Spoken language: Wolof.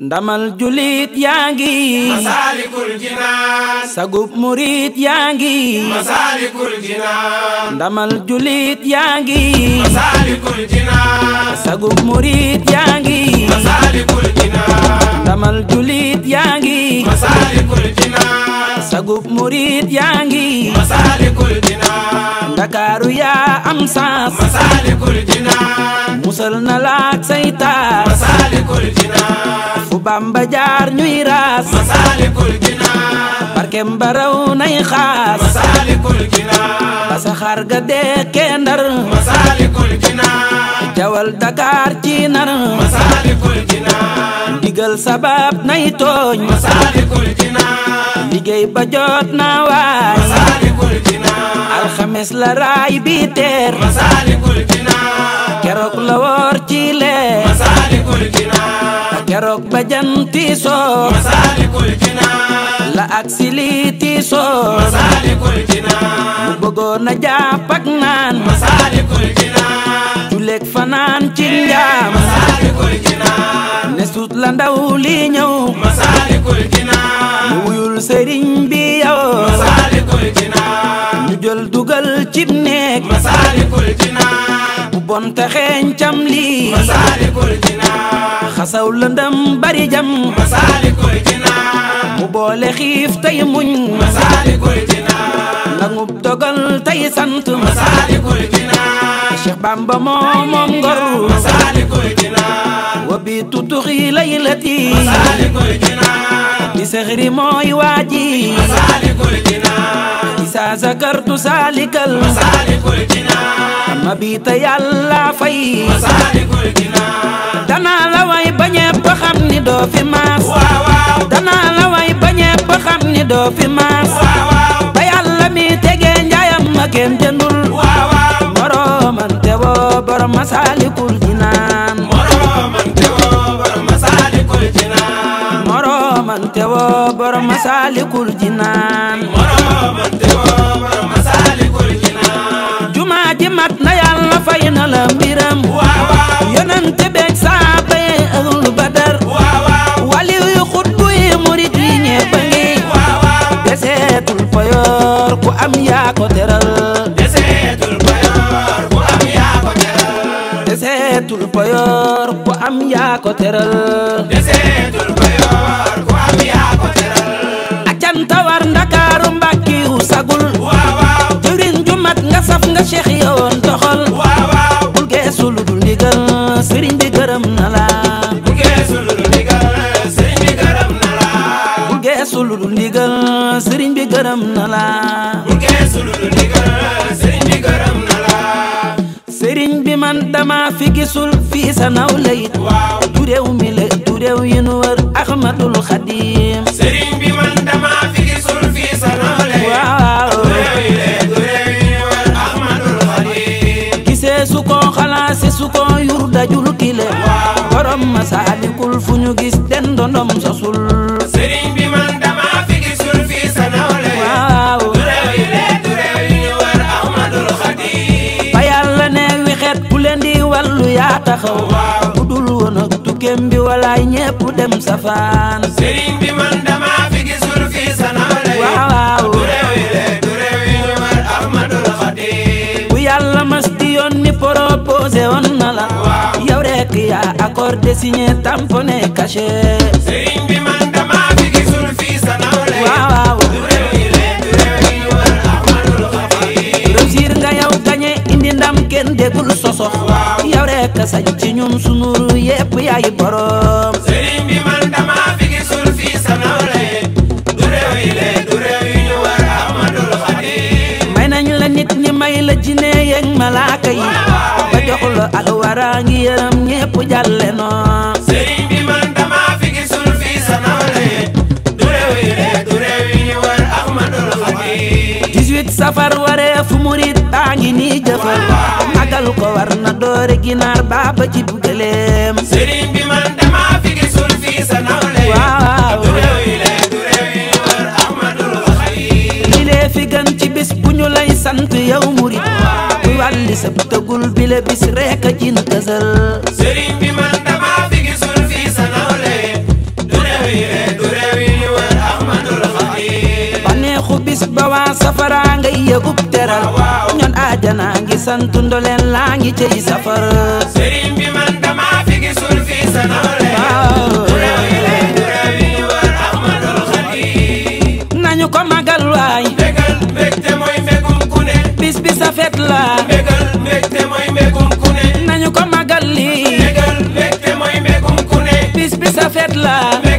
ndamal julit yaa ngi Masaalikul Jinaan sagub murit yaa ngi Masaalikul Jinaan ndamal julit yaa ngi Masaalikul Jinaan sagub murit yaa ngi Masaalikul Jinaan ndamal julit yaa ngi Masaalikul Jinaan sagub murit yaa ngi Masaalikul Jinaan Ndakaaru yaa am saas Masaalikul Jinaan musal na laak saytaan bamba jaar ñuy raas masalikul jinaan ba saxaar jawal Dakar ci nar masalikul digal sabab nay tooñ masalikul jinaan liggéey ba jot naa waay masalikul jinaan la raay bi teer masalikul jinaan la woor ci leer masalikul keroog ba jam tiisoo Masaalikul Jinaan la ak si lii tiisoo Masaalikul Jinaan bu naan Masaalikul fanaan ci ne suut la ndaw lii ñëw Jinaan lu wuyul sëriñ bi yow Jinaan ñu jël dugal cib néeg Jinaan bon te xeeñ cam lii Masaalikul Jinaan xasaw lëndëm bari jam Masaalikul Jinaan mu boole xiif tey muñ Masaalikul Jinaan nangub dogal tey sant Masaalikul Jinaan Cheikh Bamba moo moom bi tutuxi laylati Masaalikul Jinaan di sexri إذا ذكرت سالك المسالك الجنان مبيت يلا في مسالك الجنان دنا لواي بني بخمني دو في ماس دنا لواي بني بخمني دو في ماس بيالا مي تجين ما مكين جنول مرو من تبو بر مسالك الجنان مرو من تبو بر مسالك الجنان مرو من تبو borom Masaalikul Jinaan jumaa ji mat na yàlla fay na la mbiram yonente beeg saaba yi ahlu badar waliw yu xutbu yi murit yi ñépp a ngi deseetul payoor ku am yaa ko teral deseetul payoor ku am yaa ko teral deseetul payoor ku am yaa ko teral deseetul payoor bu sëriñ bi gërëm na la sëriñ bi man dama fi gisul fii sa naw la it waaw du réew mi maase su ko yur dajul kile borom masaalikul fu ñu gis den dondom sosul bi man dama fi gisul fii sa nawle waaw du ñu war ahmadul xadim fa yàlla ne wixet ku leen di yaa taxaw bu dul woon ak tukkeem walaay ñépp dem safaan proposé woon na la yow rek yaa accordé signé tamponné caché sëriñ bi man dama fi gisul fii sa nawle waaw du réew yi leen du réew yi wal ahmadul xafi réussir nga yow gañe indi ndam kenn déggul sosox yow rek sañ ci ñun sunuru yépp yaay borom sëriñ bi man dama fi gisul fii sa nawle du réew yi leen du réew yi wal ahmadul xafi may nañ la nit ñi may la jinne yeeg malaaka yi yaa ngi yërëm ñépp jàlle noo sëriñ bi man dama fi gisul fi sa nawle du réew yi de du réew yi ñu war Ahmadul Xadim 18 safar waree murit baa ngi nii jëfal magal ko war na doore ginaar baa ci bugaleem sëriñ bi man dama fi gisul fi sa nawle du réew yi de du réew yi ñu war Ahmadul Xadim li fi gën ci bis bu ñu lay sant yow murit li sa bëtagul bi la bis rek a jin kësal sëriñ bi fi gisul fii sa nawle du rewi rek du rewi wër ahmadul xadim ba waa safara ngay yëgub teral ñoon aajana ngi santu laa ngi safar mbégte mooy mbégum nañu ko magal lii bégal mbégte mooy mbégum ku ne bis bi sa